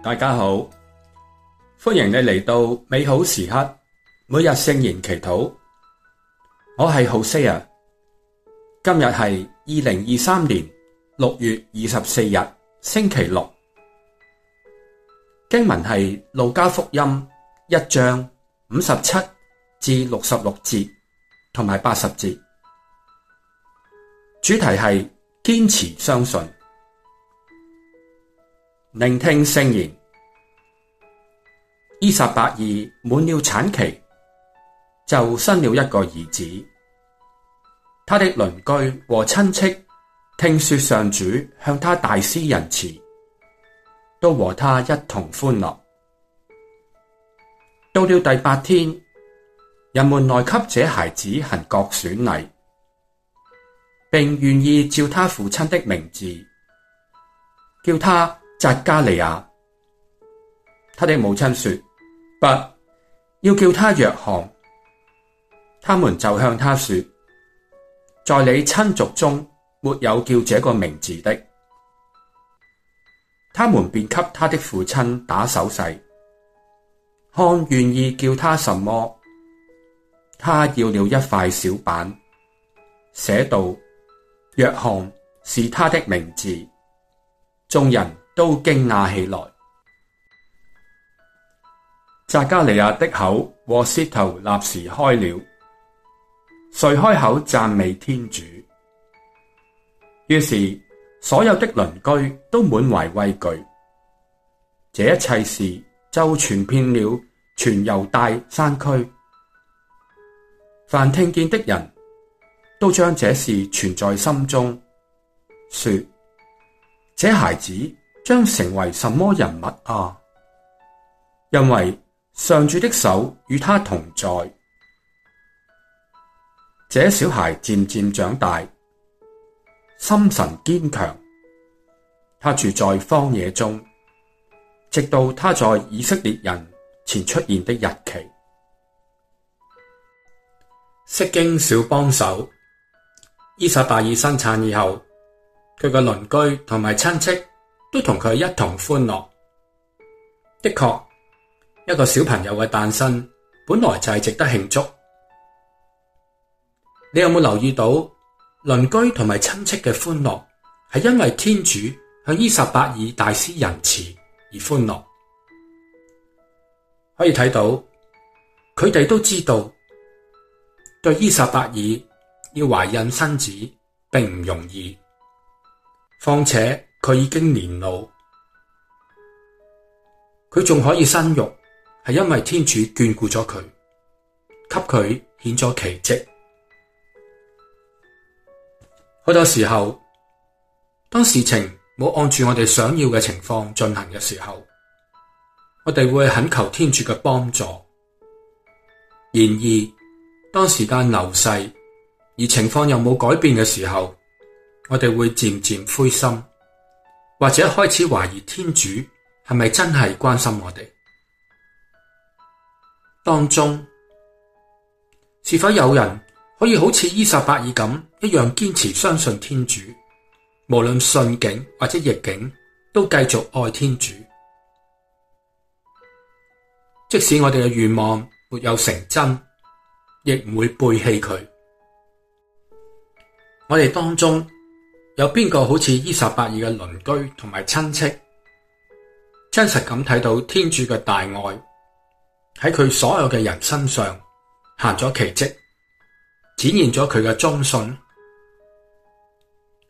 大家好，歡迎你嚟到美好時刻，每日聖言祈禱。我係浩西亞，今日係二零二三年六月二十四日，星期六。經文係路加福音一章五十七至六十六節，同埋八十節。主題係堅持相信。聆聽聖言，依撒伯爾滿了產期，就生了一個兒子。他的鄰居和親戚聽說上主向他大施仁慈，都和他一同歡樂。到了第八天，人們來給這孩子行割損禮，並願意照他父親的名字叫他。匝加利亞，他的母親說：不，要叫他若翰。他們就向他說：在你親族中沒有叫這個名字的。他們便給他的父親打手勢，看願意叫他什麼。他要了一塊小板，寫道：若翰是他的名字。眾人。都驚訝起來，匝加利亞的口和舌頭立時開了，遂開口讚美天主。於是，所有的鄰居都滿懷畏懼，這一切事就傳遍了全猶大山區，凡聽見的人都將這事存在心中，說：這孩子。將成為什麼人物啊？因為上主的手與他同在，這小孩漸漸長大，心神堅強。他住在荒野中，直到他在以色列人前出現的日期。釋經小幫手，依撒伯爾生產以後，佢嘅鄰居同埋親戚。都同佢一同歡樂，的確一個小朋友嘅誕生本來就係值得慶祝。你有冇留意到鄰居同埋親戚嘅歡樂係因為天主向依撒伯爾大施仁慈而歡樂？可以睇到佢哋都知道對依撒伯爾要懷孕生子並唔容易，況且。佢已經年老，佢仲可以生育，係因為天主眷顧咗佢，給佢顯咗奇跡。好多時候，當事情冇按住我哋想要嘅情況進行嘅時候，我哋會懇求天主嘅幫助。然而，當時間流逝而情況又冇改變嘅時候，我哋會漸漸灰心。或者開始懷疑天主係咪真係關心我哋？當中是否有人可以好似依撒伯，伯爾咁一,一樣堅持相信天主？無論順境或者逆境，都繼續愛天主。即使我哋嘅願望沒有成真，亦唔會背棄佢。我哋當中。有邊個好似依撒伯爾嘅鄰居同埋親戚，真實咁睇到天主嘅大愛喺佢所有嘅人身上行咗奇跡，展現咗佢嘅忠信？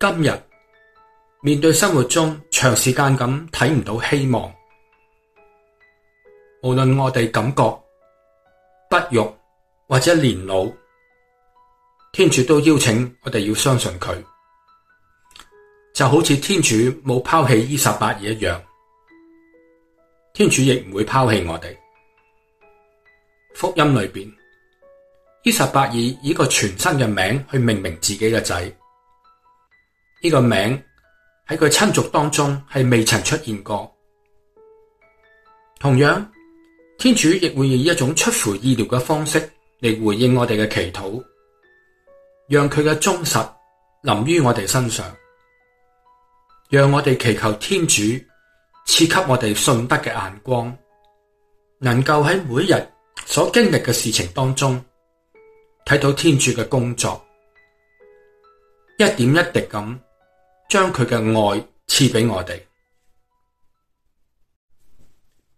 今日面對生活中長時間咁睇唔到希望，無論我哋感覺不育或者年老，天主都邀請我哋要相信佢。就好似天主冇拋棄依撒伯，伯爾一樣，天主亦唔會拋棄我哋。福音裏邊，依撒伯，伯爾以個全新嘅名去命名自己嘅仔，呢、這個名喺佢親族當中係未曾出現過。同樣，天主亦會以一種出乎意料嘅方式嚟回應我哋嘅祈禱，讓佢嘅忠實臨於我哋身上。讓我哋祈求天主賜給我哋信德嘅眼光，能夠喺每日所經歷嘅事情當中，睇到天主嘅工作，一點一滴咁將佢嘅愛賜畀我哋，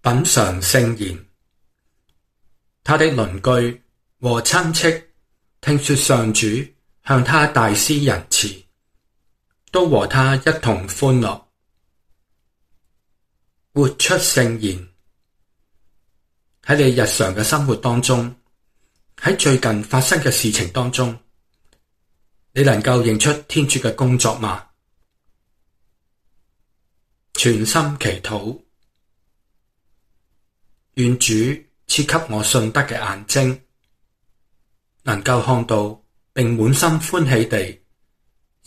品嘗聖言。她的鄰居和親戚聽說上主向她大施仁慈。都和他一同歡樂。活出聖言，喺你日常嘅生活當中，喺最近發生嘅事情當中，你能夠認出天主嘅工作嗎？全心祈禱，願主賜給我信德嘅眼睛，能夠看到，並滿心歡喜地。